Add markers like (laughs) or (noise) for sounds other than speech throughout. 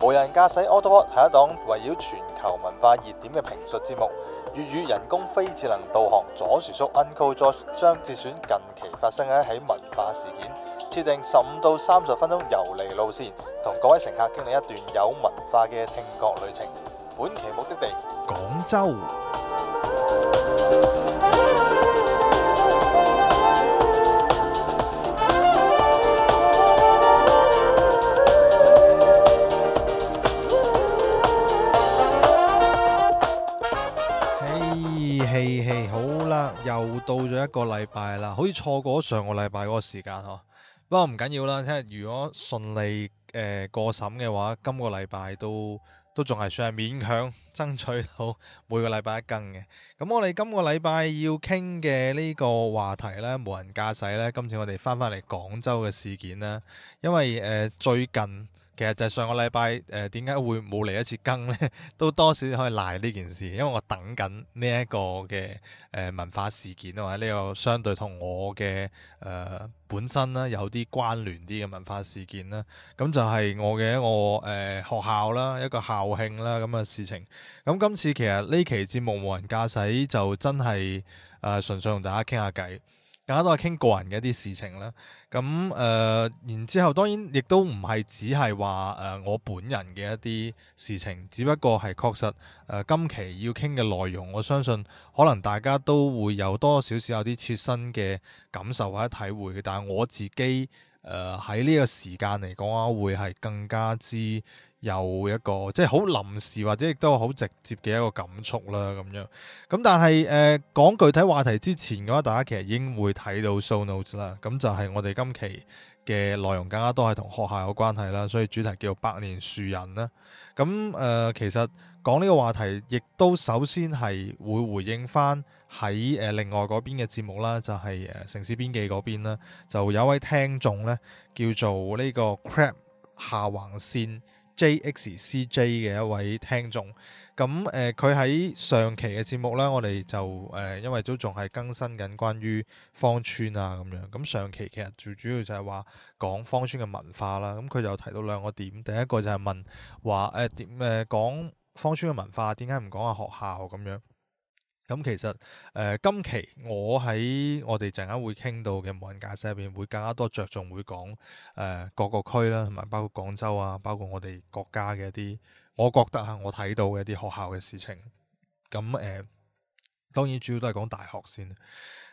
無人駕駛 AutoPod 係一檔圍繞全球文化熱點嘅評述節目。粵語人工非智能導航左薯叔 Uncle Josh 將節選近期發生嘅一起文化事件。設定十五到三十分鐘游離路線，同各位乘客經歷一段有文化嘅聽覺旅程。本期目的地廣州。嘿，嘿， (music) 嘿，hey, hey, hey，好啦，又到咗一個禮拜啦，好似錯過咗上個禮拜嗰個時間呵。不過唔緊要啦，聽日如果順利誒、呃、過審嘅話，今個禮拜都都仲係算係勉強。爭取到每個禮拜一更嘅。咁我哋今個禮拜要傾嘅呢個話題呢，無人駕駛呢，今次我哋翻翻嚟廣州嘅事件啦，因為誒、呃、最近其實就係上個禮拜誒點解會冇嚟一次更呢？都多少可以賴呢件事，因為我等緊呢一個嘅誒文化事件啊，或者呢個相對同我嘅誒、呃、本身啦有啲關聯啲嘅文化事件啦，咁就係我嘅一個誒學校啦，一個校慶啦咁嘅事情。咁今次其實呢期節目無人駕駛就真係誒、呃，純粹同大家傾下偈，大家都係傾個人嘅一啲事情啦。咁、嗯、誒、呃，然之後當然亦都唔係只係話誒我本人嘅一啲事情，只不過係確實誒、呃、今期要傾嘅內容，我相信可能大家都會有多少少有啲切身嘅感受或者體會嘅。但係我自己誒喺呢個時間嚟講啊，會係更加之。有一個即係好臨時或者亦都好直接嘅一個感觸啦，咁樣咁。但係誒、呃、講具體話題之前嘅話，大家其實已經會睇到 show notes 啦。咁就係我哋今期嘅內容更加多係同學校有關係啦，所以主題叫做百年樹人啦。咁誒、呃、其實講呢個話題，亦都首先係會回應翻喺誒另外嗰邊嘅節目啦，就係、是、誒城市編記嗰邊啦，就有一位聽眾咧叫做呢個 Crab 下橫線，JX CJ 嘅一位聽眾，咁誒佢喺上期嘅節目咧，我哋就誒、呃、因為都仲係更新緊關於芳村啊咁樣，咁上期其實最主要就係話講芳村嘅文化啦，咁佢就提到兩個點，第一個就係問話誒點誒講芳村嘅文化，點解唔講下學校咁樣？咁其實誒、呃，今期我喺我哋陣間會傾到嘅無人駕駛入邊，會更加多着重會講誒、呃、各個區啦，同埋包括廣州啊，包括我哋國家嘅一啲，我覺得嚇我睇到嘅一啲學校嘅事情。咁、嗯、誒、呃，當然主要都係講大學先。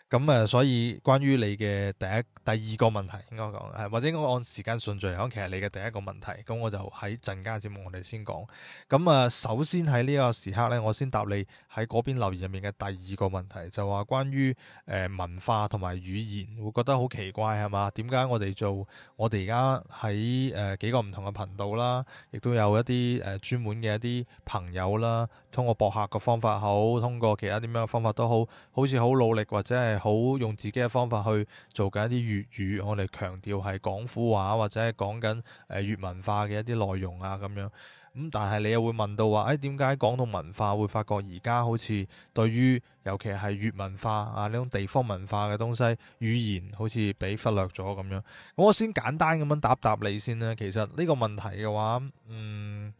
咁啊，所以關於你嘅第一、第二個問題，應該講，或者我按時間順序嚟講，其實你嘅第一個問題，咁我就喺陣間節目我哋先講。咁啊，首先喺呢個時刻咧，我先答你喺嗰邊留言入面嘅第二個問題，就話關於誒、呃、文化同埋語言，會覺得好奇怪係嘛？點解我哋做，我哋而家喺誒幾個唔同嘅頻道啦，亦都有一啲誒專門嘅一啲朋友啦，通過博客嘅方法好，通過其他點樣嘅方法都好，好似好努力或者係。好用自己嘅方法去做緊一啲粵語，我哋強調係廣府話或者係講緊誒粵文化嘅一啲內容啊咁樣。咁但係你又會問到話，誒點解講到文化會發覺而家好似對於尤其係粵文化啊呢種地方文化嘅東西語言好似俾忽略咗咁樣。咁我先簡單咁樣答答你先啦。其實呢個問題嘅話，嗯，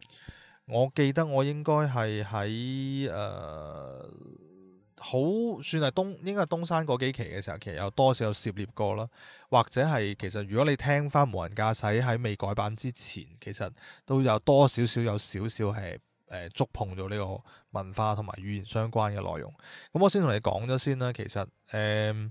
我記得我應該係喺誒。呃好算係東應該係東山嗰幾期嘅時候，其實有多少有涉獵過啦，或者係其實如果你聽返無人駕駛喺未改版之前，其實都有多少少有少少係誒、呃、觸碰到呢個文化同埋語言相關嘅內容。咁我先同你講咗先啦，其實誒喺、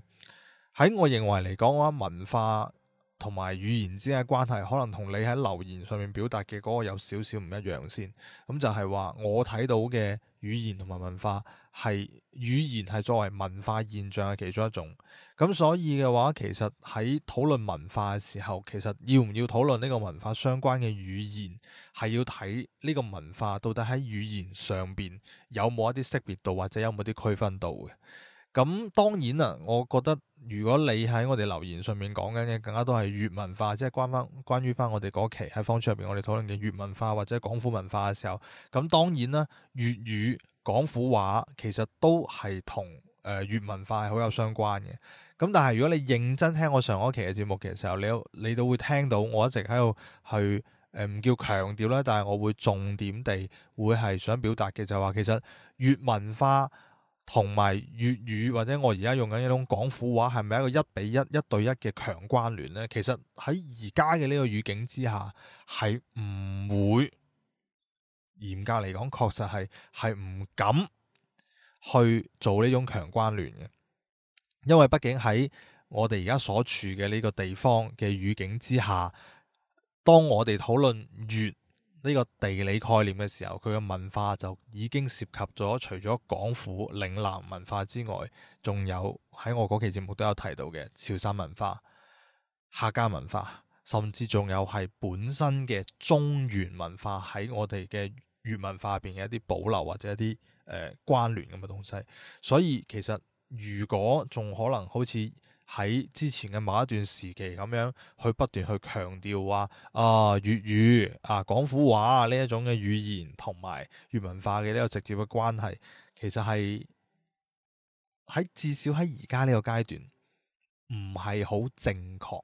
呃、我認為嚟講嘅話，文化同埋語言之間嘅關係，可能同你喺留言上面表達嘅嗰個有少少唔一樣先。咁就係話我睇到嘅語言同埋文化。係語言係作為文化現象嘅其中一種，咁所以嘅話，其實喺討論文化嘅時候，其實要唔要討論呢個文化相關嘅語言，係要睇呢個文化到底喺語言上邊有冇一啲識別度或者有冇啲區分度嘅。咁當然啦，我覺得如果你喺我哋留言上面講緊嘅，更加多係粵文化，即係關翻關於翻我哋嗰期喺方桌入邊我哋討論嘅粵文化或者廣府文化嘅時候，咁當然啦，粵語。廣府話其實都係同誒粵文化係好有相關嘅，咁但係如果你認真聽我上一期嘅節目嘅時候，你你都會聽到我一直喺度去誒唔、呃、叫強調咧，但係我會重點地會係想表達嘅就係話，其實粵文化同埋粵語或者我而家用緊一種廣府話係咪一個一比一一對一嘅強關聯呢？其實喺而家嘅呢個語境之下係唔會。嚴格嚟講，確實係係唔敢去做呢種強關聯嘅，因為畢竟喺我哋而家所處嘅呢個地方嘅語境之下，當我哋討論粵呢個地理概念嘅時候，佢嘅文化就已經涉及咗除咗廣府、嶺南文化之外，仲有喺我嗰期節目都有提到嘅潮汕文化、客家文化，甚至仲有係本身嘅中原文化喺我哋嘅。粵文化入邊嘅一啲保留或者一啲誒、呃、關聯咁嘅東西，所以其實如果仲可能好似喺之前嘅某一段時期咁樣，去不斷去強調話啊，粵語啊廣府話啊呢一種嘅語言同埋粵文化嘅呢個直接嘅關係，其實係喺至少喺而家呢個階段唔係好正確。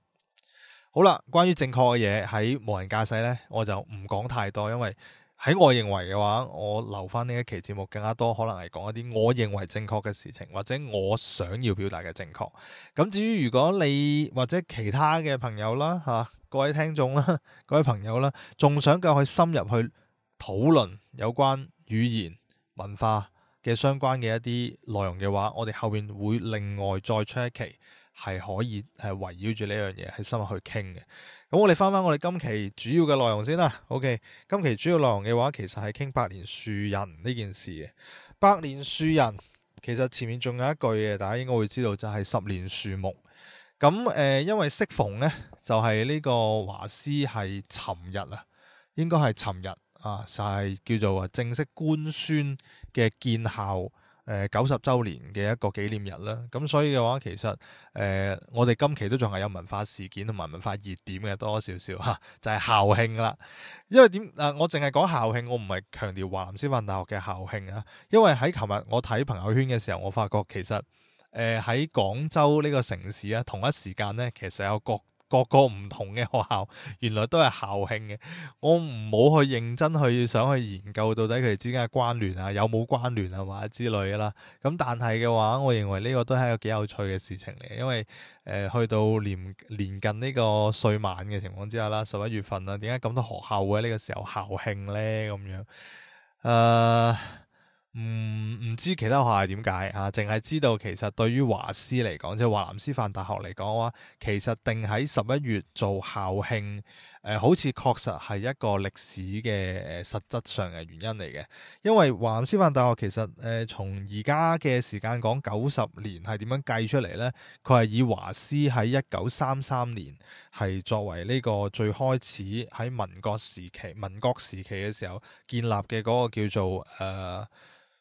好啦，關於正確嘅嘢喺無人駕駛呢，我就唔講太多，因為。喺我認為嘅話，我留翻呢一期節目更加多可能係講一啲我認為正確嘅事情，或者我想要表達嘅正確。咁至於如果你或者其他嘅朋友啦，吓、啊、各位聽眾啦，各位朋友啦，仲想夠去深入去討論有關語言文化嘅相關嘅一啲內容嘅話，我哋後邊會另外再出一期。係可以圍繞，係圍繞住呢樣嘢深入去傾嘅。咁我哋返返我哋今期主要嘅內容先啦。OK，今期主要內容嘅話，其實係傾百年樹人呢件事嘅。百年樹人，其實前面仲有一句嘅，大家應該會知道就係、是、十年樹木。咁誒、呃，因為適逢呢，就係、是、呢個華師係尋日啊，應該係尋日啊，就係、是、叫做正式官宣嘅建校。誒九十周年嘅一個紀念日啦，咁所以嘅話，其實誒、呃、我哋今期都仲係有文化事件同埋文化熱點嘅多多少少嚇，就係、是、校慶啦。因為點啊、呃？我淨係講校慶，我唔係強調華南師範大學嘅校慶啊。因為喺琴日我睇朋友圈嘅時候，我發覺其實誒喺、呃、廣州呢個城市啊，同一時間呢，其實有各。各個唔同嘅學校，原來都係校慶嘅。我唔好去認真去想去研究到底佢哋之間嘅關聯啊，有冇關聯啊，或者之類噶啦。咁但係嘅話，我認為呢個都係一個幾有趣嘅事情嚟，因為誒、呃、去到年年近呢個歲晚嘅情況之下啦，十一月份啦，點解咁多學校會喺呢個時候校慶呢？咁樣誒。呃唔唔、嗯、知其他學校點解啊？淨係知道其實對於華師嚟講，即、就、係、是、華南師範大學嚟講話，其實定喺十一月做校慶，誒、呃、好似確實係一個歷史嘅誒、呃、實質上嘅原因嚟嘅。因為華南師範大學其實誒、呃、從而家嘅時間講九十年係點樣計出嚟呢？佢係以華師喺一九三三年係作為呢個最開始喺民國時期，民國時期嘅時候建立嘅嗰個叫做誒。呃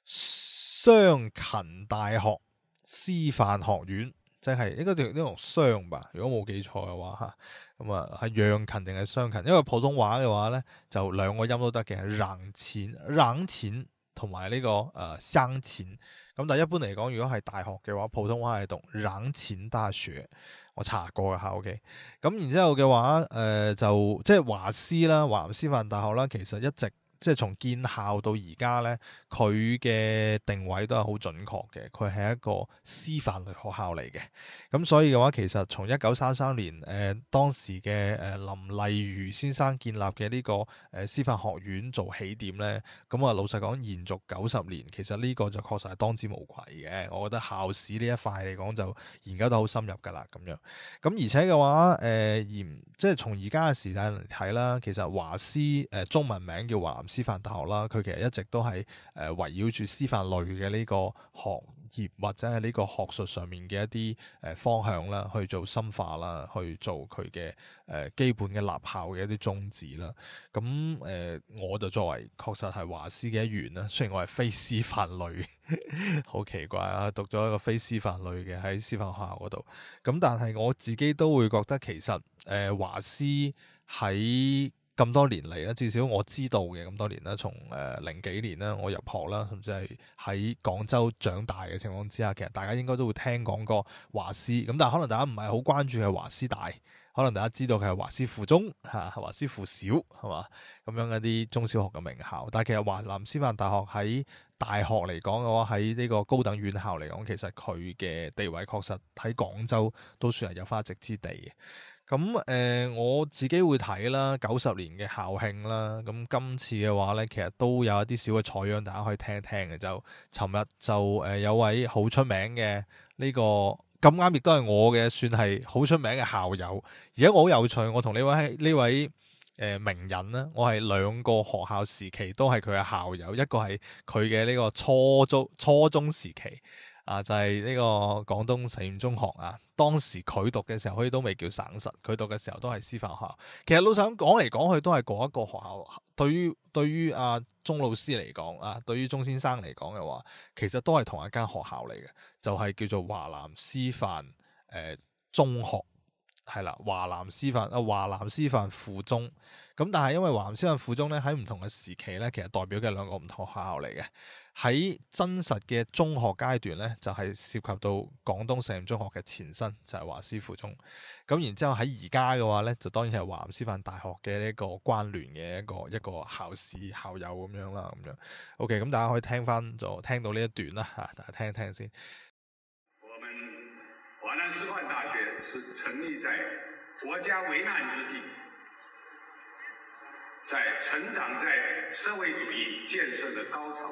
勷勤大學師範學院，即係應該叫呢個商吧，如果冇記錯嘅話吓，咁啊係楊勤定係商勤？因為普通話嘅話咧，就兩個音都得嘅，係冷錢、冷錢同埋呢個誒生錢。咁、呃、但係一般嚟講，如果係大學嘅話，普通話係讀冷錢大學。我查過嘅吓，ok。咁然之後嘅話，誒、呃、就即係華師啦，華南師範大學啦，其實一直。即係從建校到而家咧，佢嘅定位都係好準確嘅。佢係一個師範類學校嚟嘅，咁所以嘅話，其實從一九三三年誒、呃、當時嘅誒、呃、林礪儒先生建立嘅呢、這個誒師範學院做起點咧，咁、嗯、啊老實講，延續九十年，其實呢個就確實係當之無愧嘅。我覺得校史呢一塊嚟講，就研究得好深入㗎啦，咁樣。咁、嗯、而且嘅話誒，嚴、呃、即係從而家嘅時代嚟睇啦，其實華師誒中文名，名叫華。師範大學啦，佢其實一直都係誒圍繞住師範類嘅呢個行業或者係呢個學術上面嘅一啲誒方向啦，去做深化啦，去做佢嘅誒基本嘅立校嘅一啲宗旨啦。咁誒，我就作為確實係華師嘅一員啦，雖然我係非師範類， (laughs) 好奇怪啊，讀咗一個非師範類嘅喺師範學校嗰度。咁但係我自己都會覺得其實誒、呃、華師喺咁多年嚟啦，至少我知道嘅咁多年啦，從誒零幾年啦，我入學啦，甚至係喺廣州長大嘅情況之下，其實大家應該都會聽講過華師，咁但係可能大家唔係好關注嘅華師大，可能大家知道佢係華師附中嚇，華師附小係嘛，咁樣一啲中小學嘅名校。但係其實華南師範大學喺大學嚟講嘅話，喺呢個高等院校嚟講，其實，佢嘅地位確實喺廣州都算係有花席之地嘅。咁誒、嗯呃，我自己會睇啦，九十年嘅校慶啦，咁、嗯、今次嘅話呢，其實都有一啲小嘅採樣，大家可以聽一聽嘅。就尋日就誒、呃，有位好出名嘅呢、呢個咁啱，亦都係我嘅，算係好出名嘅校友。而家我好有趣，我同呢位呢位誒、呃、名人呢，我係兩個學校時期都係佢嘅校友，一個係佢嘅呢個初中初中時期。啊，就係、是、呢個廣東實驗中學啊，當時佢讀嘅時候，可以都未叫省實，佢讀嘅時候都係師範學校。其實老想講嚟講去，都係嗰一個學校。對於對於阿鍾、啊、老師嚟講啊，對於鍾先生嚟講嘅話，其實都係同一間學校嚟嘅，就係、是、叫做華南師範誒、呃、中學，係啦，華南師範啊，華南師範附中。咁但係因為華南師範附中咧，喺唔同嘅時期咧，其實代表嘅兩個唔同學校嚟嘅。喺真實嘅中學階段呢，就係涉及到廣東實驗中學嘅前身，就係華師附中。咁然之後喺而家嘅話呢，就當然係華南師範大學嘅呢一個關聯嘅一個一個校史校友咁樣啦，咁樣。OK，咁大家可以聽翻就聽到呢一段啦，吓，大家聽一聽先。我們華南師範大學是成立在國家危難之際，在成長在社會主義建設的高潮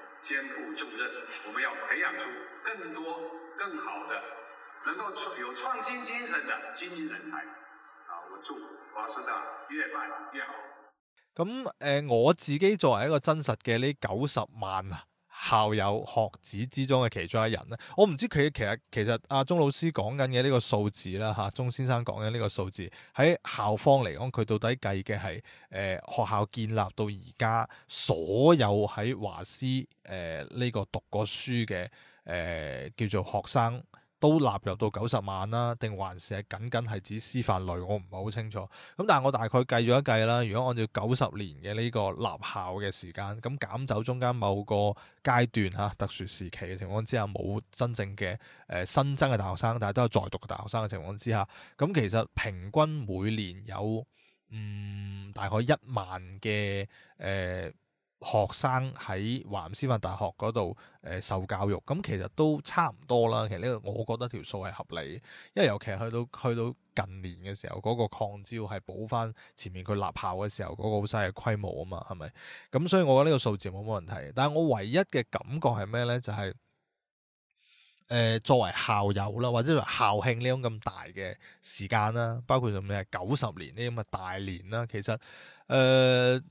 肩負重任，我們要培養出更多更好的，能夠創有創新精神的精英人才。我祝華師大越辦越好。咁誒、呃，我自己作為一個真實嘅呢九十萬啊，校友學子之中嘅其中一人咧，我唔知佢其實其實阿、啊、鍾老師講緊嘅呢個數字啦嚇、啊，鍾先生講緊呢個數字喺校方嚟講，佢到底計嘅係誒學校建立到而家所有喺華師誒呢個讀過書嘅誒、呃、叫做學生。都納入到九十萬啦，定還是係僅僅係指師範類？我唔係好清楚。咁但係我大概計咗一計啦，如果按照九十年嘅呢個立校嘅時間，咁減走中間某個階段嚇特殊時期嘅情況之下，冇真正嘅誒、呃、新增嘅大學生，但係都有在讀嘅大學生嘅情況之下，咁其實平均每年有嗯大概一萬嘅誒。呃學生喺華南師範大學嗰度誒受教育，咁其實都差唔多啦。其實呢個我覺得條數係合理，因為尤其係去到去到近年嘅時候，嗰、那個擴招係補翻前面佢立校嘅時候嗰、那個好犀利規模啊嘛，係咪？咁所以我覺得呢個數字冇乜問題。但係我唯一嘅感覺係咩咧？就係、是、誒、呃、作為校友啦，或者作為校慶呢種咁大嘅時間啦，包括做咩九十年呢咁嘅大年啦，其實誒。呃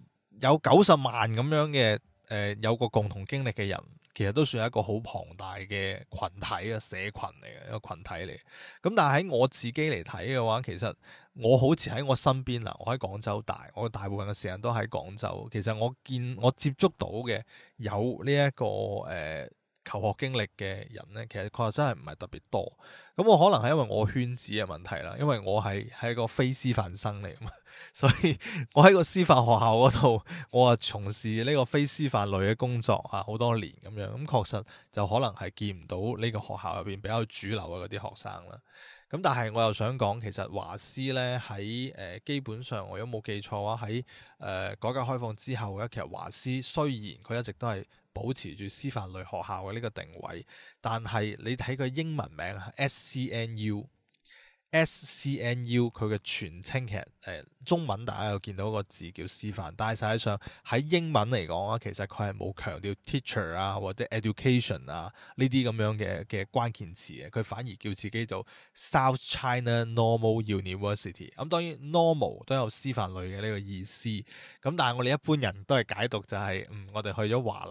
有九十萬咁樣嘅誒、呃，有個共同經歷嘅人，其實都算係一個好龐大嘅群體啊，社群嚟嘅一個群體嚟。咁但係喺我自己嚟睇嘅話，其實我好似喺我身邊嗱，我喺廣州大，我大部分嘅時間都喺廣州。其實我見我接觸到嘅有呢、這、一個誒。呃求學經歷嘅人呢，其實確實真係唔係特別多。咁我可能係因為我圈子嘅問題啦，因為我係係一個非師範生嚟噶嘛，所以我喺個師範學校嗰度，我啊從事呢個非師範類嘅工作啊好多年咁樣。咁、嗯、確實就可能係見唔到呢個學校入邊比較主流嘅嗰啲學生啦。咁但係我又想講，其實華師呢喺誒、呃、基本上，我如果冇記錯嘅話，喺誒、呃、改革開放之後咧，其實華師雖然佢一直都係。保持住師範類學校嘅呢個定位，但係你睇佢英文名 SCNU。SCNU 佢嘅全稱其實誒中文大家有見到個字叫師範，但係實際上喺英文嚟講啊，其實佢係冇強調 teacher 啊或者 education 啊呢啲咁樣嘅嘅關鍵詞嘅，佢反而叫自己做 South China Normal University。咁、嗯、當然 normal 都有師範類嘅呢個意思，咁但係我哋一般人都係解讀就係、是、嗯我哋去咗華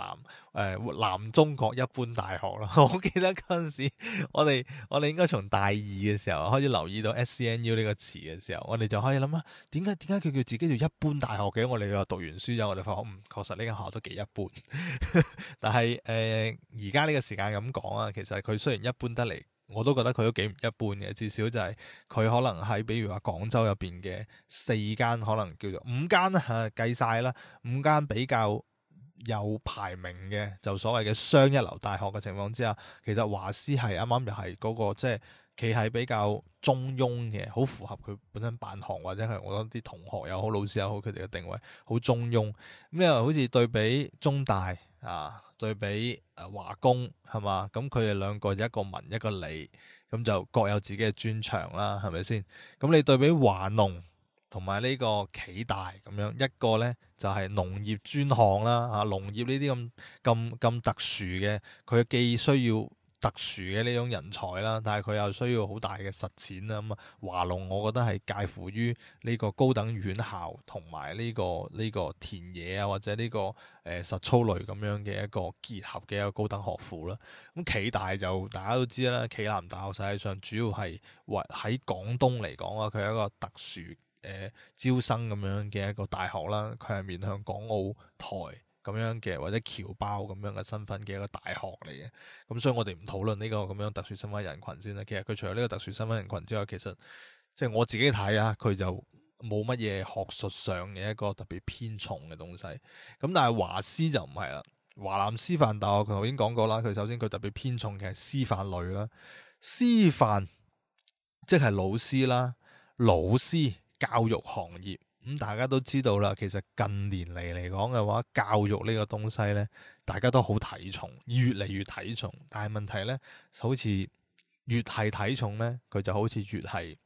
南誒、呃、南中國一般大學啦。我記得陣時我哋我哋應該從大二嘅時候開始留意。遇到 S C N U 呢個詞嘅時候，我哋就可以諗下，點解點解佢叫自己叫一般大學嘅？我哋又讀完書之後，我哋發覺，嗯，確實呢間學校都幾一般。 (laughs) 但係誒，而家呢個時間咁講啊，其實佢雖然一般得嚟，我都覺得佢都幾唔一般嘅。至少就係佢可能喺比如話廣州入邊嘅四間，可能叫做五間啦嚇計曬啦，五間比較有排名嘅，就所謂嘅雙一流大學嘅情況之下，其實華師係啱啱又係嗰個即係。企係比較中庸嘅，好符合佢本身辦學或者係我得啲同學又好，老師又好，佢哋嘅定位好中庸。咁你為好似對比中大啊，對比華工係嘛，咁佢哋兩個一個文一個理，咁就各有自己嘅專長啦，係咪先？咁你對比華農同埋呢個企大咁樣，一個咧就係、是、農業專項啦，啊，農業呢啲咁咁咁特殊嘅，佢既需要。特殊嘅呢種人才啦，但係佢又需要好大嘅實踐啦。咁啊，華農我覺得係介乎於呢個高等院校同埋呢個呢、呢個田野啊，或者呢、呢個誒、呃、實操類咁樣嘅一個結合嘅一個高等學府啦。咁暨大就大家都知啦，暨南大學實際上主要係或喺廣東嚟講啊，佢係一個特殊誒、呃、招生咁樣嘅一個大學啦。佢係面向港澳台，咁樣嘅或者僑胞咁樣嘅身份嘅一個大學嚟嘅，咁所以我哋唔討論呢個咁樣特殊身份人群先啦。其實佢除咗呢個特殊身份人群之外，其實即係我自己睇啊，佢就冇乜嘢學術上嘅一個特別偏重嘅東西。咁但係華師就唔係啦。華南師範大學佢頭先講過啦，佢首先佢特別偏重嘅係師範類啦，師範即係老師啦，老師教育行業。咁，嗯，大家都知道啦，其實近年嚟嚟講嘅話，教育呢個東西呢，大家都好睇重，越嚟越睇重。但係問題呢，好似越係睇重呢，佢就好似越係，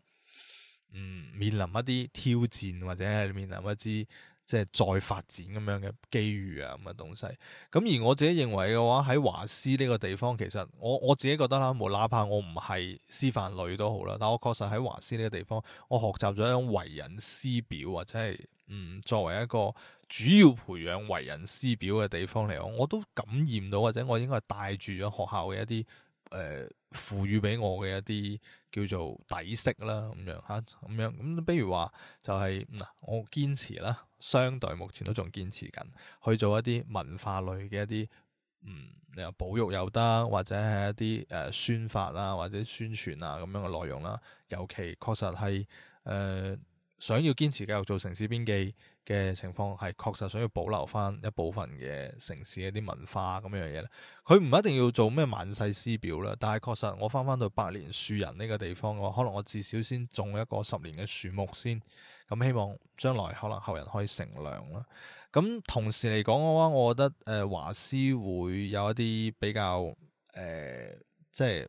嗯，面臨一啲挑戰，或者係面臨一啲，即係再發展咁樣嘅機遇啊咁嘅東西，咁而我自己認為嘅話，喺華師呢個地方，其實我我自己覺得啦，冇哪怕我唔係師範類都好啦，但我確實喺華師呢個地方，我學習咗一種為人師表，或者係嗯，作為一個主要培養為人師表嘅地方嚟講，我都感染到或者我應該帶住咗學校嘅一啲誒、呃、賦予俾我嘅一啲叫做底色啦咁樣吓，咁樣咁，比如話就係、是、嗱、嗯，我堅持啦。相對目前都仲堅持緊，去做一啲文化類嘅一啲，嗯，你話保育又得，或者係一啲誒、呃、宣發啊，或者宣傳啊咁樣嘅內容啦。尤其確實係誒、呃、想要堅持繼續做城市邊記。嘅情況係確實想要保留翻一部分嘅城市一啲文化咁樣嘢咧，佢唔一定要做咩萬世師表啦，但係確實我翻翻到百年樹人呢個地方嘅話，可能我至少先種一個十年嘅樹木先，咁希望將來可能後人可以乘涼啦。咁同時嚟講嘅話，我覺得誒華師會有一啲比較誒、呃，即係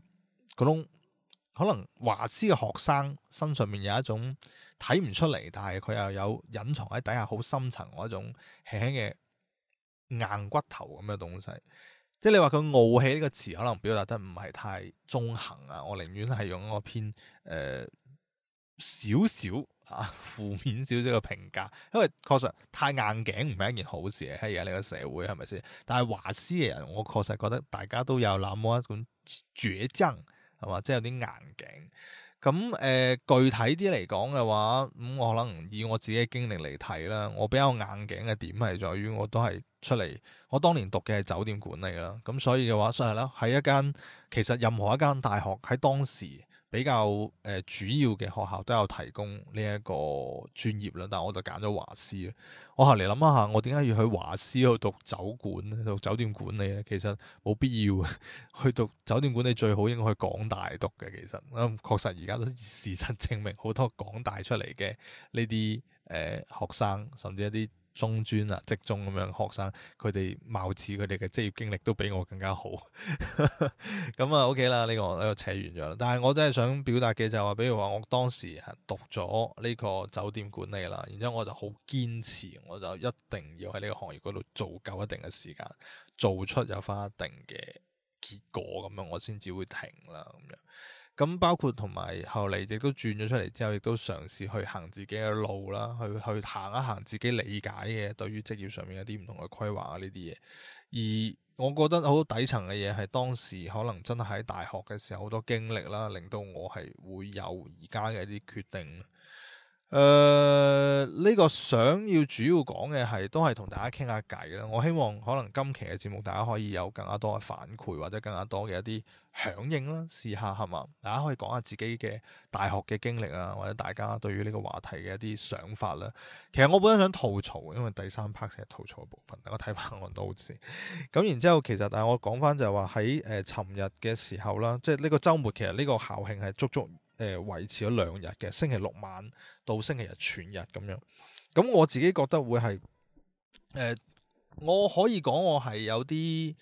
嗰種可能華師嘅學生身上面有一種。睇唔出嚟，但係佢又有隱藏喺底下好深層嗰一種輕輕嘅硬骨頭咁嘅東西。即係你話佢傲氣呢個詞，可能表達得唔係太中肯啊。我寧願係用一個偏誒少少啊負面少少嘅評價，因為確實太硬頸唔係一件好事嚟喺而家呢個社會，係咪先？但係華師嘅人，我確實覺得大家都有那麼一種倔強，係嘛？即係有啲硬頸。咁誒、呃、具體啲嚟講嘅話，咁、嗯、我可能以我自己嘅經歷嚟睇啦，我比較硬頸嘅點係在於我都係出嚟，我當年讀嘅係酒店管理啦，咁所以嘅話，所以係啦喺一間其實任何一間大學喺當時。比較誒主要嘅學校都有提供呢一個專業啦，但係我就揀咗華師。我後嚟諗一下，我點解要去華師去讀酒管咧？去讀酒店管理咧，其實冇必要。去讀酒店管理最好應該去港大讀嘅。其實啊、嗯，確實而家都事實證明，好多港大出嚟嘅呢啲誒學生，甚至一啲。中專啊，職中咁樣學生，佢哋貌似佢哋嘅職業經歷都比我更加好。咁 (laughs) 啊，OK 啦，呢個呢個扯完咗啦。但係我真係想表達嘅就係話，比如話我當時係讀咗呢個酒店管理啦，然之後我就好堅持，我就一定要喺呢個行業嗰度做夠一定嘅時間，做出有返一定嘅結果咁樣，我先至會停啦咁樣。咁包括同埋後嚟亦都轉咗出嚟之後，亦都嘗試去行自己嘅路啦，去去行一行自己理解嘅對於職業上面一啲唔同嘅規劃啊呢啲嘢。而我覺得好底層嘅嘢係當時可能真係喺大學嘅時候好多經歷啦，令到我係會有而家嘅一啲決定。誒、呃、呢、這個想要主要講嘅係都係同大家傾下偈啦。我希望可能今期嘅節目大家可以有更加多嘅反饋，或者更加多嘅一啲。響應啦，試下係嘛？大家可以講下自己嘅大學嘅經歷啊，或者大家對於呢個話題嘅一啲想法啦。其實我本身想吐槽，因為第三 part 成日吐槽嘅部分，大家睇翻我都好知。咁然之後，其實但係我講翻就係話喺誒，尋、呃、日嘅時候啦，即係呢個周末，其實呢個校慶係足足誒、呃、維持咗兩日嘅，星期六晚到星期日全日咁樣。咁我自己覺得會係誒、呃，我可以講我係有啲。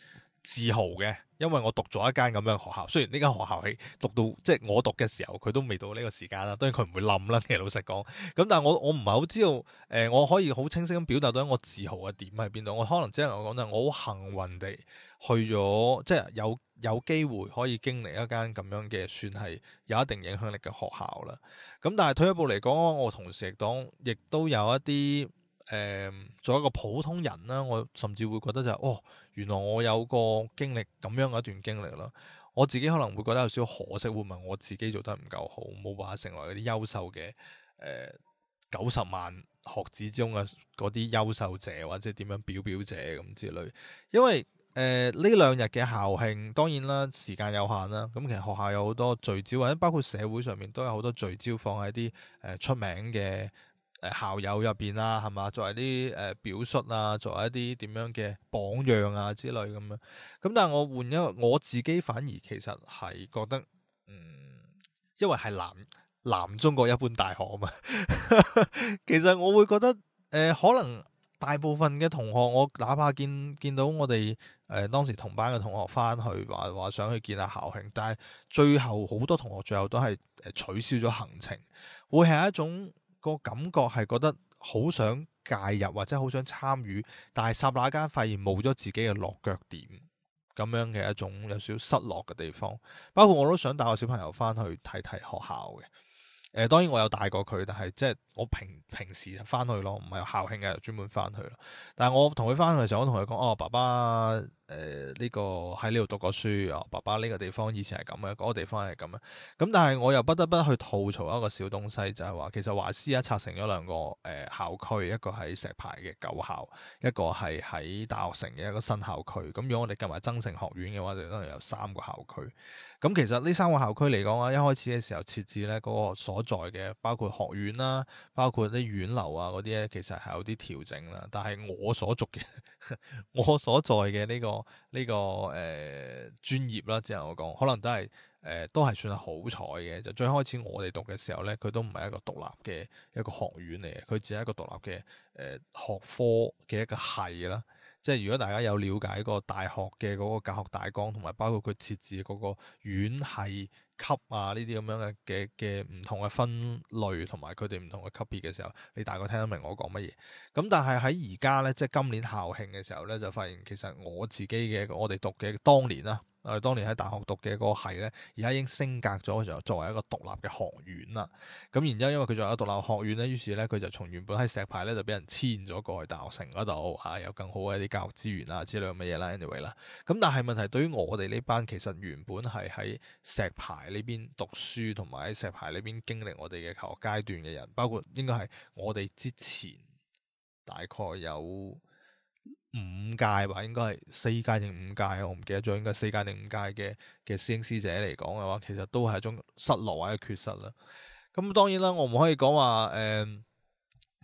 自豪嘅，因為我讀咗一間咁樣學校。雖然呢間學校係讀到，即係我讀嘅時候，佢都未到呢個時間啦。當然佢唔會冧啦，其實老實講。咁但係我我唔係好知道，誒、呃、我可以好清晰咁表達到一個自豪嘅點喺邊度。我可能只能夠講就係我好幸運地去咗，即係有有機會可以經歷一間咁樣嘅，算係有一定影響力嘅學校啦。咁但係退一步嚟講，我同時亦講亦都有一啲。誒、嗯，作為一個普通人啦，我甚至會覺得就是、哦，原來我有個經歷咁樣嘅一段經歷啦。我自己可能會覺得有少少可惜，會唔係我自己做得唔夠好，冇辦法成為嗰啲優秀嘅誒九十萬學子之中嘅嗰啲優秀者，或者點樣表表者咁之類。因為誒呢、呃、兩日嘅校慶，當然啦，時間有限啦。咁其實學校有好多聚焦，或者包括社會上面都有好多聚焦放，放喺啲誒出名嘅。誒，校友入邊啊，係嘛？作為啲誒表率啊，作為一啲點樣嘅榜樣啊之類咁樣。咁但係我換一個，我自己反而其實係覺得，嗯，因為係南南中國一般大學啊嘛， (laughs) 其實我會覺得誒、呃，可能大部分嘅同學，我哪怕見見到我哋誒、呃、當時同班嘅同學翻去話話想去見下校慶，但係最後好多同學最後都係誒取消咗行程，會係一種。個感覺係覺得好想介入或者好想參與，但係霎那間發現冇咗自己嘅落腳點，咁樣嘅一種有少少失落嘅地方。包括我都想帶我小朋友翻去睇睇學校嘅。誒、呃，當然我有帶過佢，但係即係。我平平時翻去咯，唔係有校慶嘅就專門翻去咯。但係我同佢翻去嘅時候，我同佢講：哦，爸爸，誒、呃、呢、這個喺呢度讀過書。哦，爸爸呢個地方以前係咁嘅，嗰、那個地方係咁嘅。咁但係我又不得不得去吐槽一個小東西，就係、是、話其實華師一拆成咗兩個誒、呃、校區，一個喺石牌嘅舊校，一個係喺大學城嘅一個新校區。咁、嗯、如果我哋計埋增城學院嘅話，就可能有三個校區。咁、嗯、其實呢三個校區嚟講啊，一開始嘅時候設置咧，嗰、那個所在嘅包括學院啦。包括啲院樓啊嗰啲咧，其實係有啲調整啦。但係我所讀嘅， (laughs) 我所在嘅呢、這個呢、這個誒專、呃、業啦，只能我講，可能都係誒、呃、都係算係好彩嘅。就最開始我哋讀嘅時候咧，佢都唔係一個獨立嘅一個學院嚟嘅，佢只係一個獨立嘅誒、呃、學科嘅一個係啦。即係如果大家有了解過大學嘅嗰個教學大綱，同埋包括佢設置嗰個院系。級啊，呢啲咁樣嘅嘅嘅唔同嘅分類，同埋佢哋唔同嘅級別嘅時候，你大概聽得明我講乜嘢。咁但係喺而家咧，即係今年校慶嘅時候咧，就發現其實我自己嘅我哋讀嘅當年啦。我當年喺大學讀嘅嗰個系呢，而家已經升格咗就作為一個獨立嘅學院啦。咁然之後，因為佢作為一個獨立學院呢，於是呢，佢就從原本喺石牌呢，就俾人遷咗過去大學城嗰度啊，有更好嘅一啲教育資源啊之類咁嘅嘢啦。anyway 啦，咁但係問題對於我哋呢班其實原本係喺石牌呢邊讀書同埋喺石牌呢邊經歷我哋嘅求學階段嘅人，包括應該係我哋之前大概有。五屆吧，應該係四屆定五屆，我唔記得咗，應該四屆定五屆嘅嘅師兄師姐嚟講嘅話，其實都係一種失落或者缺失啦。咁當然啦，我唔可以講話誒，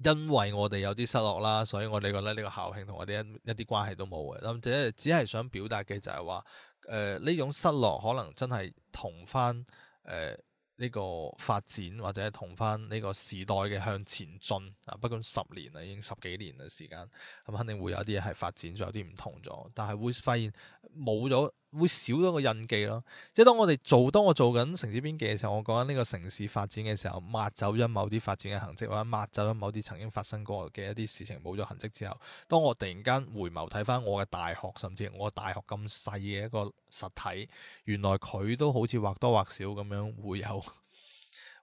因為我哋有啲失落啦，所以我哋覺得呢個校慶同我哋一一啲關係都冇嘅。咁即係只係想表達嘅就係話，誒、呃、呢種失落可能真係同翻誒。呃呢個發展或者同返呢個時代嘅向前進啊，不過十年啦，已經十幾年嘅時間，咁肯定會有啲嘢係發展，仲有啲唔同咗，但係會發現冇咗。會少咗個印記咯，即係當我哋做，當我做緊城市編輯嘅時候，我講緊呢個城市發展嘅時候，抹走咗某啲發展嘅痕跡，或者抹走咗某啲曾經發生過嘅一啲事情冇咗痕跡之後，當我突然間回眸睇翻，我嘅大學，甚至我大學咁細嘅一個實體，原來佢都好似或多或少咁樣會有。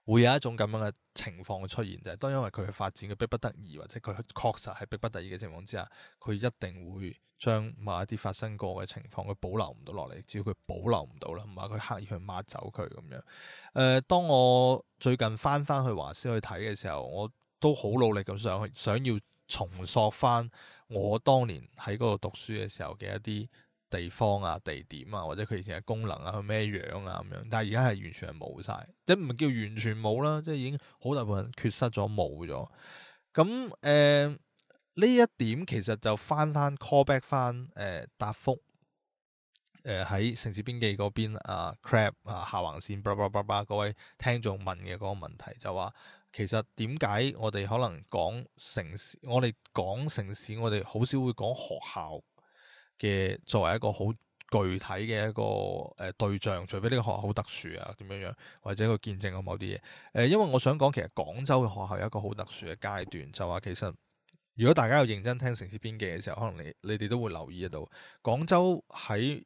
會有一種咁樣嘅情況出現，就係當因為佢嘅發展嘅逼不得已，或者佢確實係逼不得已嘅情況之下，佢一定會將某一啲發生過嘅情況佢保留唔到落嚟，只要佢保留唔到啦，唔係佢刻意去抹走佢咁樣。誒、呃，當我最近翻翻去華師去睇嘅時候，我都好努力咁想去想要重塑翻我當年喺嗰度讀書嘅時候嘅一啲地方啊、地點啊，或者佢以前嘅功能啊、佢咩樣啊咁樣。但係而家係完全係冇晒，即係唔係叫完全冇啦，即係已經好大部分人缺失咗、冇咗。咁誒呢一點其實就翻翻 callback 翻誒答、呃、復誒喺、呃、城市邊記嗰邊啊 Crab 啊下橫線巴拉巴拉各位聽眾問嘅嗰個問題，就話，其實點解我哋可能講城市，我哋講城市，我哋好少會講學校。嘅作為一個好具體嘅一個誒對象，除非呢個學校好特殊啊，點樣樣，或者佢見證緊某啲嘢。誒，因為我想講，其實廣州嘅學校有一個好特殊嘅階段，就話其實如果大家有認真聽城市編記嘅時候，可能你你哋都會留意得到，廣州喺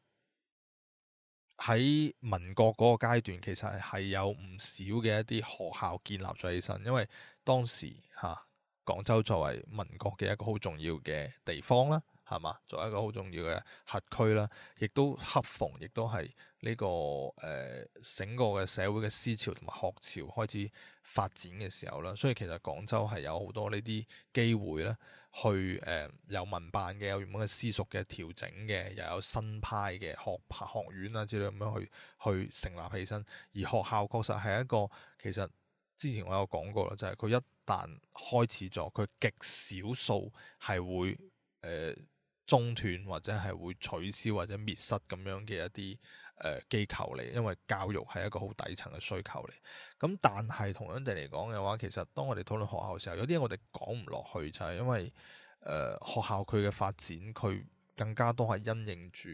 喺民國嗰個階段，其實係有唔少嘅一啲學校建立咗起身，因為當時嚇，啊，廣州作為民國嘅一個好重要嘅地方啦。係嘛？作為一個好重要嘅核區啦，亦都恰逢，亦都係呢、這個誒、呃、整個嘅社會嘅思潮同埋學潮開始發展嘅時候啦。所以其實廣州係有好多機呢啲機會咧，去誒、呃、有民辦嘅、有原本嘅私塾嘅調整嘅，又有新派嘅學學院啊之類咁樣去去，去成立起身。而學校確實係一個其實之前我有講過啦，就係、是、佢一旦開始咗，佢極少數係會誒，呃中斷或者係會取消或者滅失咁樣嘅一啲誒機構嚟，因為教育係一個好底層嘅需求嚟。咁但係同樣地嚟講嘅話，其實當我哋討論學校嘅時候，有啲嘢我哋講唔落去，就係因為誒、呃、學校佢嘅發展，佢更加多係因應住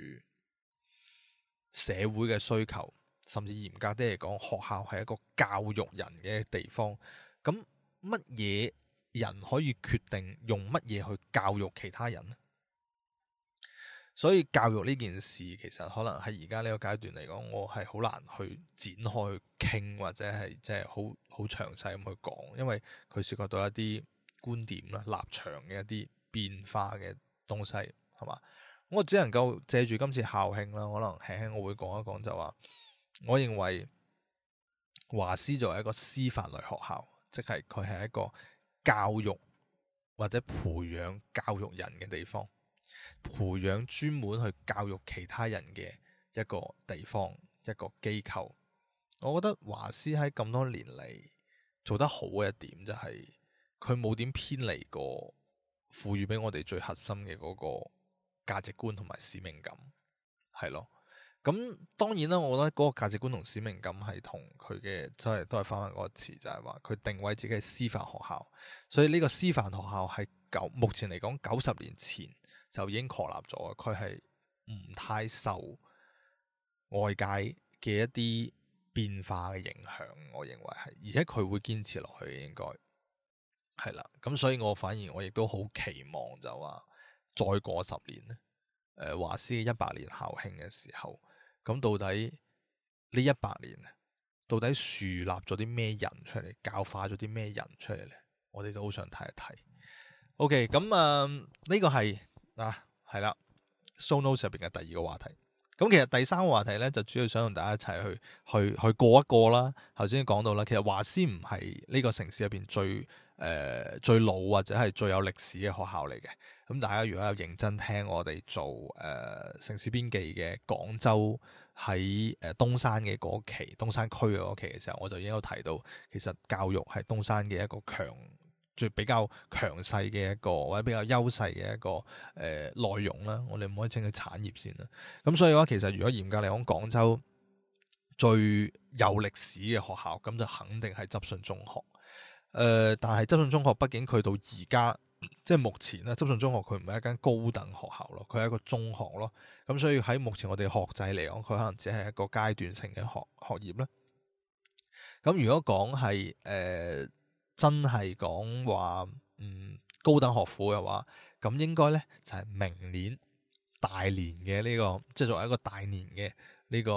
社會嘅需求，甚至嚴格啲嚟講，學校係一個教育人嘅地方。咁乜嘢人可以決定用乜嘢去教育其他人？所以教育呢件事，其實可能喺而家呢個階段嚟講，我係好難去展開傾或者係即係好好詳細咁去講，因為佢涉及到一啲觀點啦、立場嘅一啲變化嘅東西，係嘛？我只能夠借住今次校慶啦，可能輕輕我會講一講就話，我認為華師作為一個師範類學校，即係佢係一個教育或者培養教育人嘅地方。培養專門去教育其他人嘅一個地方、一個機構，我覺得華師喺咁多年嚟做得好嘅一點就係佢冇點偏離過賦予俾我哋最核心嘅嗰個價值觀同埋使命感。係咯，咁當然啦，我覺得嗰個價值觀同使命感係同佢嘅即係都係翻翻嗰個詞，就係話佢定位自己係師範學校，所以呢個師範學校係九目前嚟講九十年前就已經確立咗，佢係唔太受外界嘅一啲變化嘅影響。我認為係，而且佢會堅持落去，應該係啦。咁所以，我反而我亦都好期望就話，再過十年呢誒、呃、華師一百年校慶嘅時候，咁到底呢一百年到底樹立咗啲咩人出嚟，教化咗啲咩人出嚟呢？我哋都好想睇一睇。OK，咁啊，呢、呃這個係。嗱，係啦 So Notes 入邊嘅第二個話題，咁其實第三個話題咧就主要想同大家一齊去去去過一過啦。頭先講到啦，其實華師唔係呢個城市入邊最誒、呃、最老或者係最有歷史嘅學校嚟嘅。咁大家如果有認真聽我哋做誒、呃、城市邊記嘅廣州喺誒東山嘅嗰期東山區嘅嗰期嘅時候，我就已經有提到，其實教育係東山嘅一個強。最比較強勢嘅一個或者比較優勢嘅一個誒內、呃、容啦，我哋唔可以稱佢產業先啦。咁所以嘅話，其實如果嚴格嚟講，廣州最有歷史嘅學校咁就肯定係執信中學。誒、呃，但係執信中學畢竟佢到而家即係目前咧，執信中學佢唔係一間高等學校咯，佢係一個中學咯。咁所以喺目前我哋學制嚟講，佢可能只係一個階段性嘅學學業啦。咁如果講係誒，呃真係講話，嗯，高等學府嘅話，咁應該呢，就係、是、明年大年嘅呢、這個，即、就、係、是、作為一個大年嘅呢個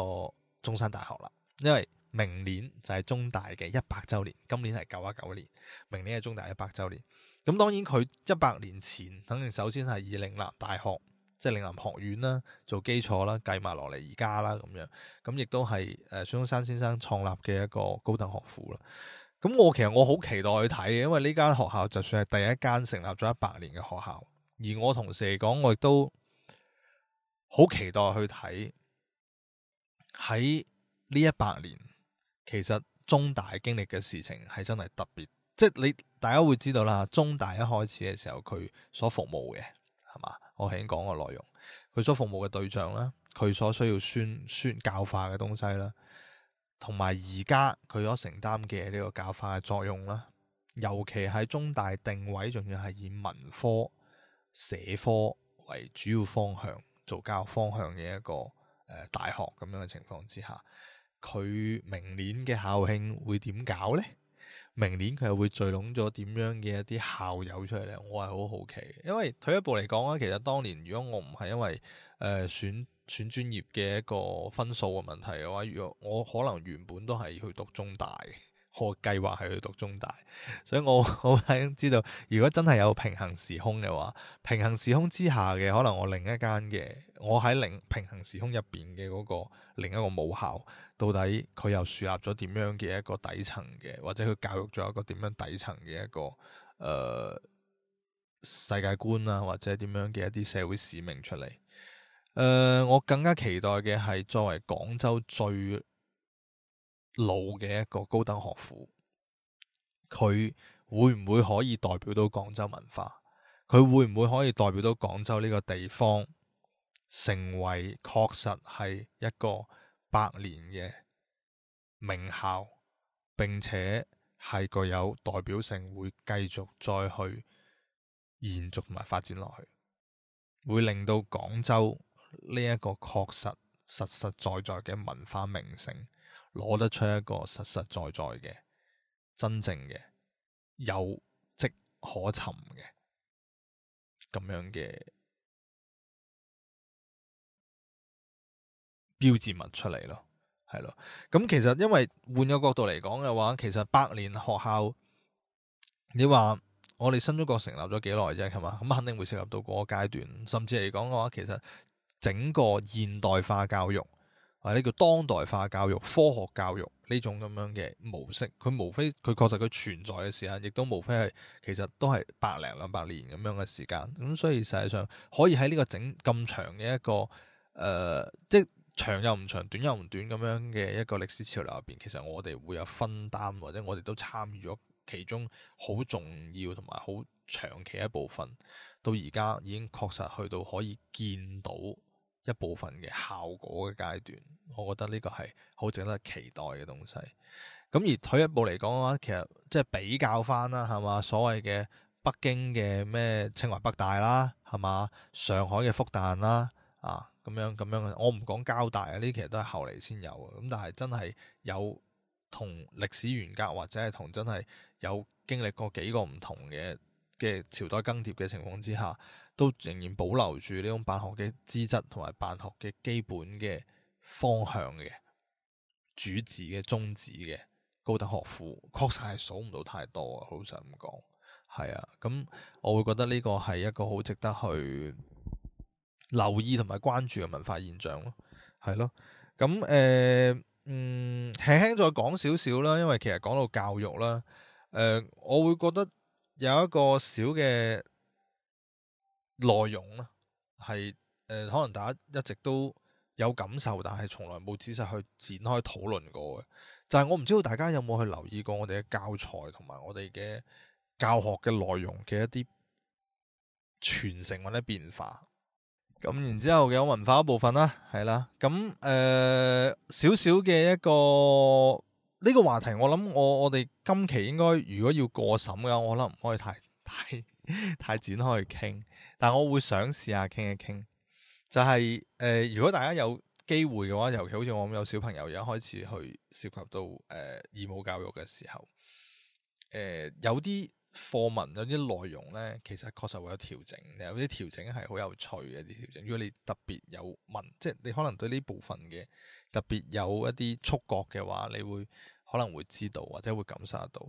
中山大學啦。因為明年就係中大嘅一百週年，今年係九十九年，明年係中大一百週年。咁當然佢一百年前，肯定首先係以嶺南大學，即係嶺南學院啦，做基礎啦，計埋落嚟而家啦，咁樣，咁亦都係誒孫中山先生創立嘅一個高等學府啦。咁我其實我好期待去睇嘅，因為呢間學校就算係第一間成立咗一百年嘅學校，而我同事嚟講，我亦都好期待去睇。喺呢一百年，其實中大經歷嘅事情係真係特別，即係你大家會知道啦，中大一開始嘅時候，佢所服務嘅係嘛，我已經講過內容，佢所服務嘅對象啦，佢所需要宣宣教化嘅東西啦。同埋而家佢所承擔嘅呢個教化嘅作用啦，尤其喺中大定位，仲要係以文科、社科為主要方向做教育方向嘅一個誒大學咁樣嘅情況之下，佢明年嘅校慶會點搞咧？明年佢又會聚攏咗點樣嘅一啲校友出嚟咧？我係好好奇嘅，因為退一步嚟講咧，其實當年如果我唔係因為。誒、呃，選選專業嘅一個分數嘅問題嘅話，我我可能原本都係去讀中大，我計劃係去讀中大，所以我我想知道，如果真係有平行時空嘅話，平行時空之下嘅可能我另一間嘅，我喺另平行時空入邊嘅嗰個另一個母校，到底佢又樹立咗點樣嘅一個底層嘅，或者佢教育咗一個點樣底層嘅一個誒、呃、世界觀啊，或者點樣嘅一啲社會使命出嚟。誒，uh, 我更加期待嘅係作為廣州最老嘅一個高等學府，佢會唔會可以代表到廣州文化？佢會唔會可以代表到廣州呢個地方，成為確實係一個百年嘅名校，並且係具有代表性，會繼續再去延續同埋發展落去，會令到廣州。呢一個確實實實在在嘅文化名城，攞得出一個實實在在嘅、真正嘅有跡可尋嘅咁樣嘅標誌物出嚟咯，係咯。咁、嗯、其實因為換個角度嚟講嘅話，其實百年學校，你話我哋新中國成立咗幾耐啫，係嘛？咁、嗯、肯定會涉及到嗰個階段，甚至嚟講嘅話，其實。整個現代化教育，或者叫當代化教育、科學教育呢種咁樣嘅模式，佢無非佢確實佢存在嘅時間，亦都無非係其實都係百零兩百年咁樣嘅時間。咁所以實際上可以喺呢個整咁長嘅一個，誒、呃，即係長又唔長、短又唔短咁樣嘅一個歷史潮流入邊，其實我哋會有分擔，或者我哋都參與咗其中好重要同埋好長期一部分。到而家已經確實去到可以見到。一部分嘅效果嘅階段，我覺得呢個係好值得期待嘅東西。咁而退一步嚟講嘅話，其實即係比較翻啦，係嘛？所謂嘅北京嘅咩清華北大啦，係嘛？上海嘅復旦啦，啊咁樣咁樣。我唔講交大啊，呢啲其實都係後嚟先有嘅。咁但係真係有同歷史沿革，或者係同真係有經歷過幾個唔同嘅嘅朝代更迭嘅情況之下，都仍然保留住呢種辦學嘅資質同埋辦學嘅基本嘅方向嘅主旨嘅宗旨嘅高等學府，確實係數唔到太多啊！好想咁講，係啊，咁我會覺得呢個係一個好值得去留意同埋關注嘅文化現象咯，係咯、啊，咁誒、呃，嗯，輕輕再講少少啦，因為其實講到教育啦，誒、呃，我會覺得有一個小嘅。內容啦，係、呃、誒，可能大家一直都有感受，但係從來冇仔細去展開討論過嘅。就係、是、我唔知道大家有冇去留意過我哋嘅教材同埋我哋嘅教學嘅內容嘅一啲傳承或者變化。咁然之後有文化部分啦，係啦，咁誒少少嘅一個呢、呢個話題，我諗我我哋今期應該如果要過審嘅話，我諗唔可以太太太展開去傾。但我會想試下傾一傾，就係、是、誒、呃，如果大家有機會嘅話，尤其好似我咁有小朋友一開始去涉及到誒義務教育嘅時候，誒、呃、有啲課文有啲內容咧，其實確實會有調整，有啲調整係好有趣嘅啲調整。如果你特別有問，即係你可能對呢部分嘅特別有一啲觸覺嘅話，你會可能會知道或者會感受得到。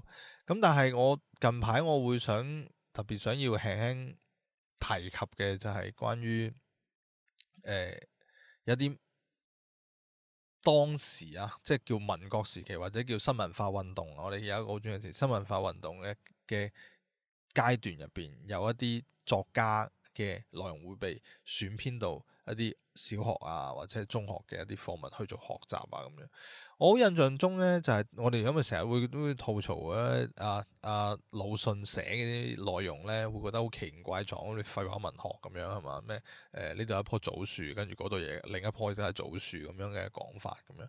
咁但係我近排我會想特別想要傾傾。提及嘅就係關於誒、呃、有啲當時啊，即係叫民國時期或者叫新文化運動，我哋有一個好重要嘅詞，新文化運動嘅嘅階段入邊有一啲作家嘅內容會被選編到。一啲小學啊，或者中學嘅一啲課文去做學習啊，咁樣。我印象中咧，就係、是、我哋咁咪成日會都會吐槽嘅啊啊魯迅寫嗰啲內容咧，會覺得好奇怪，撞好似廢話文學咁樣，係嘛？咩誒呢度一棵棗樹，跟住嗰度嘢另一棵就係棗樹咁樣嘅講法咁樣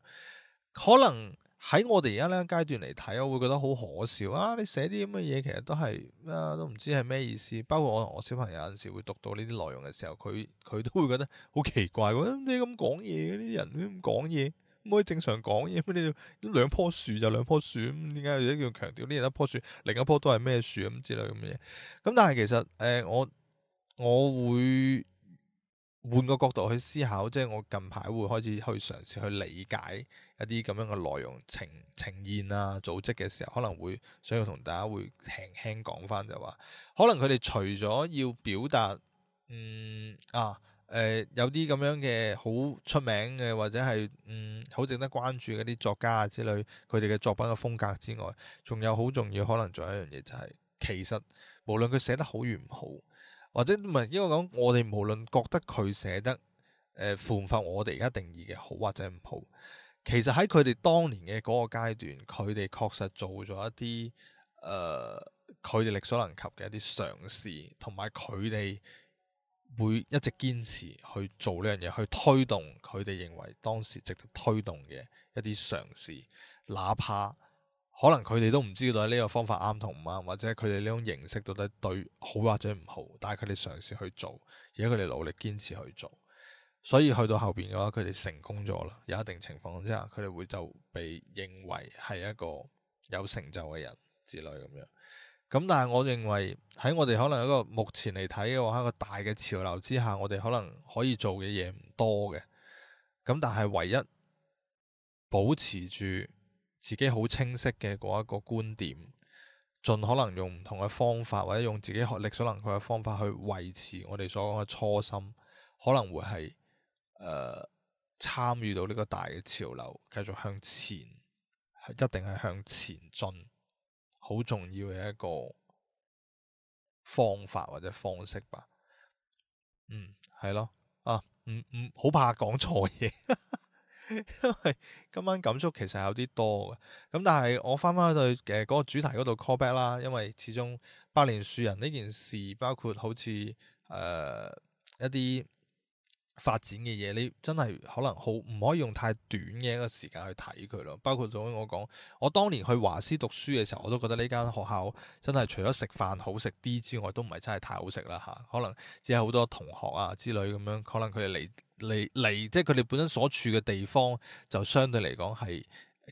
可能。喺我哋而家呢個階段嚟睇，我會覺得好可笑啊！你寫啲咁嘅嘢，其實都係啊，都唔知係咩意思。包括我同我小朋友有陣時會讀到呢啲內容嘅時候，佢佢都會覺得好奇怪。咁、啊、你咁講嘢呢啲人咁講嘢，唔可以正常講嘢咩？你兩棵樹就兩棵樹，咁點解要強調呢？一棵樹，另一棵都係咩樹咁之類咁嘅嘢？咁但係其實誒、呃，我我會。換個角度去思考，即係我近排會開始去嘗試去理解一啲咁樣嘅內容呈呈現啊、組織嘅時候，可能會想要同大家會輕輕講翻就話、是，可能佢哋除咗要表達，嗯啊，誒、呃、有啲咁樣嘅好出名嘅或者係嗯好值得關注嗰啲作家之類，佢哋嘅作品嘅風格之外，仲有好重要可能仲有一樣嘢就係、是，其實無論佢寫得好與唔好。或者唔係，應該講，我哋無論覺得佢寫得誒符唔符合我哋而家定義嘅好或者唔好，其實喺佢哋當年嘅嗰個階段，佢哋確實做咗一啲誒佢哋力所能及嘅一啲嘗試，同埋佢哋會一直堅持去做呢樣嘢，去推動佢哋認為當時值得推動嘅一啲嘗試，哪怕，可能佢哋都唔知道呢個方法啱同唔啱，或者佢哋呢種形式到底對好或者唔好，但係佢哋嘗試去做，而家佢哋努力堅持去做，所以去到後邊嘅話，佢哋成功咗啦。有一定情況之下，佢哋會就被認為係一個有成就嘅人之類咁樣。咁但係我認為喺我哋可能一個目前嚟睇嘅話，喺一個大嘅潮流之下，我哋可能可以做嘅嘢唔多嘅。咁但係唯一保持住。自己好清晰嘅嗰一個觀點，盡可能用唔同嘅方法，或者用自己學力所能及嘅方法去維持我哋所講嘅初心，可能會係誒、呃、參與到呢個大嘅潮流，繼續向前，一定係向前進，好重要嘅一個方法或者方式吧。嗯，係咯，啊，唔唔好怕講錯嘢。 (laughs) 因為今晚感觸其實有啲多嘅，咁但係我翻翻去對嗰個主題嗰度 callback 啦，因為始終百年樹人呢件事，包括好似誒、呃、一啲發展嘅嘢，你真係可能好唔可以用太短嘅一個時間去睇佢咯。包括頭先我講，我當年去華師讀書嘅時候，我都覺得呢間學校真係除咗食飯好食啲之外，都唔係真係太好食啦吓。可能只係好多同學啊之類咁樣，可能佢哋嚟。嚟嚟，即係佢哋本身所處嘅地方，就相對嚟講係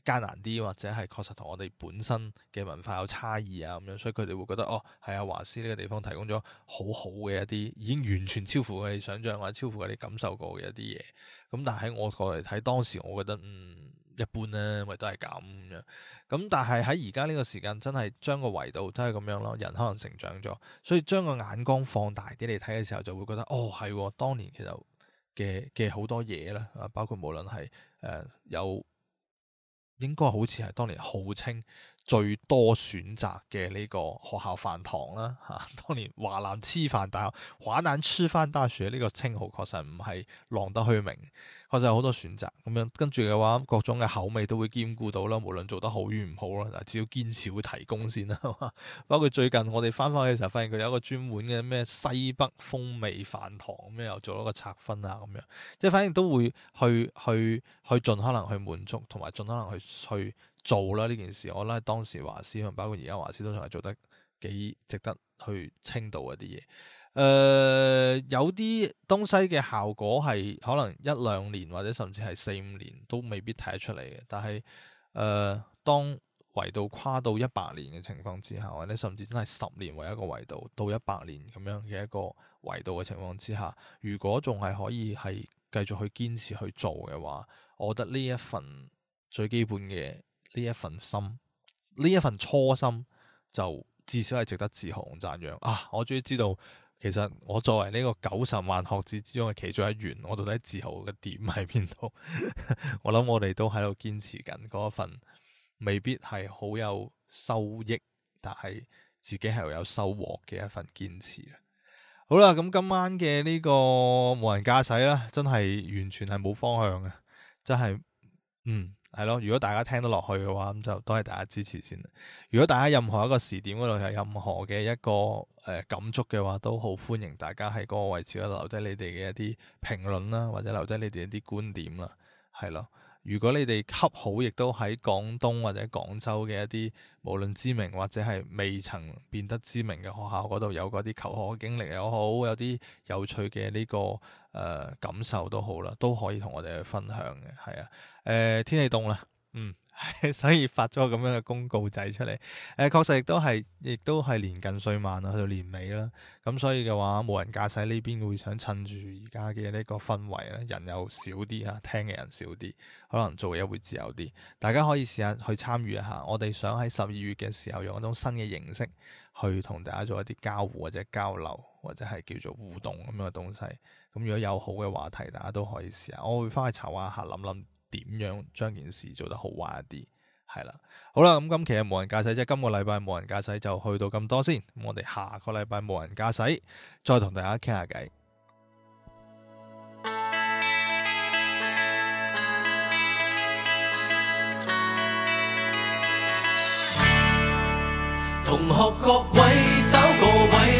艱難啲，或者係確實同我哋本身嘅文化有差異啊。咁樣，所以佢哋會覺得哦，係啊，華師呢個地方提供咗好好嘅一啲已經完全超乎佢哋想象或者超乎佢哋感受過嘅一啲嘢。咁但係喺我過嚟睇當時我覺得嗯一般啦，啊，咪都係咁樣，咁但係喺而家呢個時間真係將個維度真係咁樣咯。人可能成長咗，所以將個眼光放大啲嚟睇嘅時候，就會覺得哦係，啊，當年其實。嘅、嘅好多嘢啦，啊，包括無論係誒、呃、有應該好似係當年號稱最多選擇嘅呢個學校飯堂啦嚇、啊，當年華南師範大學，華南師範大學呢個稱號確實唔係浪得虛名，確實有好多選擇咁樣，跟住嘅話各種嘅口味都會兼顧到啦，無論做得好與唔好啦，嗱，只要堅持會提供先啦，包括最近我哋翻返去嘅時候，發現佢有一個專門嘅咩西北風味飯堂咁樣，又做咗個拆分啊咁樣，即係反正都會去去去，去盡可能去滿足同埋盡可能去去。做啦呢件事，我覺得當時華師同包括而家華師都仲係做得幾值得去稱道嗰啲嘢。誒、呃，有啲東西嘅效果係可能一兩年或者甚至係四五年都未必睇得出嚟嘅。但係誒、呃，當維度跨到一百年嘅情況之下，或者甚至真係十年為一個維度到一百年咁樣嘅一個維度嘅情況之下，如果仲係可以係繼續去堅持去做嘅話，我覺得呢一份最基本嘅。呢一份心，呢一份初心，就至少係值得自豪同讚揚啊！我終於知道，其實我作為呢個九十萬學子之中嘅其中一員，我到底自豪嘅點喺邊度？ (laughs) 我諗我哋都喺度堅持緊嗰一份，未必係好有收益，但係自己係有收穫嘅一份堅持。好啦，咁今晚嘅呢個無人駕駛啦，真係完全係冇方向嘅，啊，真係嗯。係咯，如果大家聽得落去嘅話，咁就多謝大家支持先。如果大家任何一個時點嗰度有任何嘅一個誒、呃、感觸嘅話，都好歡迎大家喺嗰個位置度留低你哋嘅一啲評論啦，或者留低你哋一啲觀點啦。係咯。如果你哋恰好亦都喺廣東或者廣州嘅一啲無論知名或者係未曾變得知名嘅學校嗰度有嗰啲求學經歷又好，有啲有趣嘅呢個誒、呃、感受都好啦，都可以同我哋去分享嘅，係啊，誒、呃、天氣凍啦，嗯。 (laughs) 所以發咗個咁樣嘅公告仔出嚟，誒、呃，確實亦都係，亦都係年近歲晚啦，去到年尾啦，咁所以嘅話，無人駕駛呢邊會想趁住而家嘅呢個氛圍咧，人又少啲吓，聽嘅人少啲，可能做嘢會自由啲，大家可以試下去參與一下。我哋想喺十二月嘅時候，用一種新嘅形式去同大家做一啲交互或者交流或者係叫做互動咁樣嘅東西。咁如果有好嘅話題，大家都可以試下，我會翻去籌劃下諗諗。想想點樣將件事做得好玩一啲？係啦，好啦，咁今期嘅無人駕駛即係今個禮拜無人駕駛，就去到咁多先。咁我哋下個禮拜無人駕駛，再同大家傾下偈。同學各位，找個位。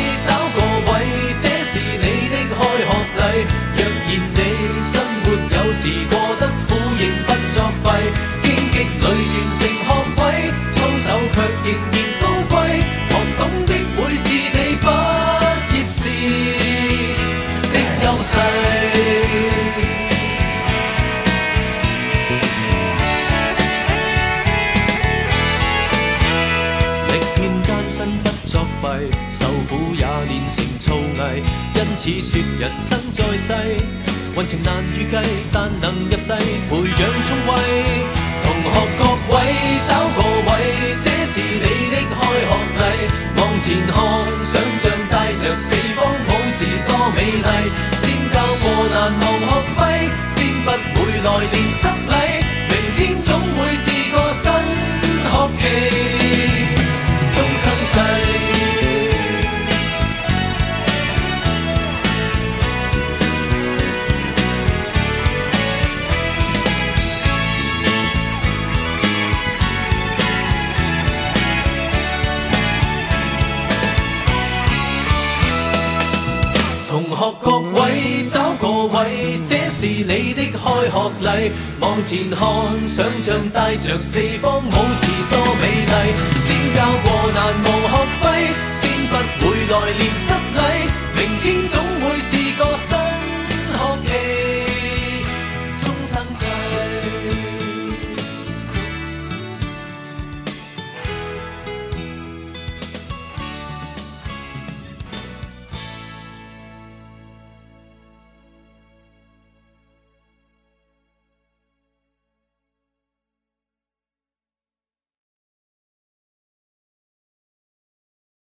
生在世，運程難預計，但能入世培養聰慧。 (noise) 同學各位，找個位，這是你的開學禮。往前看，想象帶着四方好事多美麗。先交過難忘學費，先不會來年失禮。明天總會是。這是你的開學禮，往前看，想象帶着四方武士多美麗。先交過難忘學費，先不會來年失禮。明天。總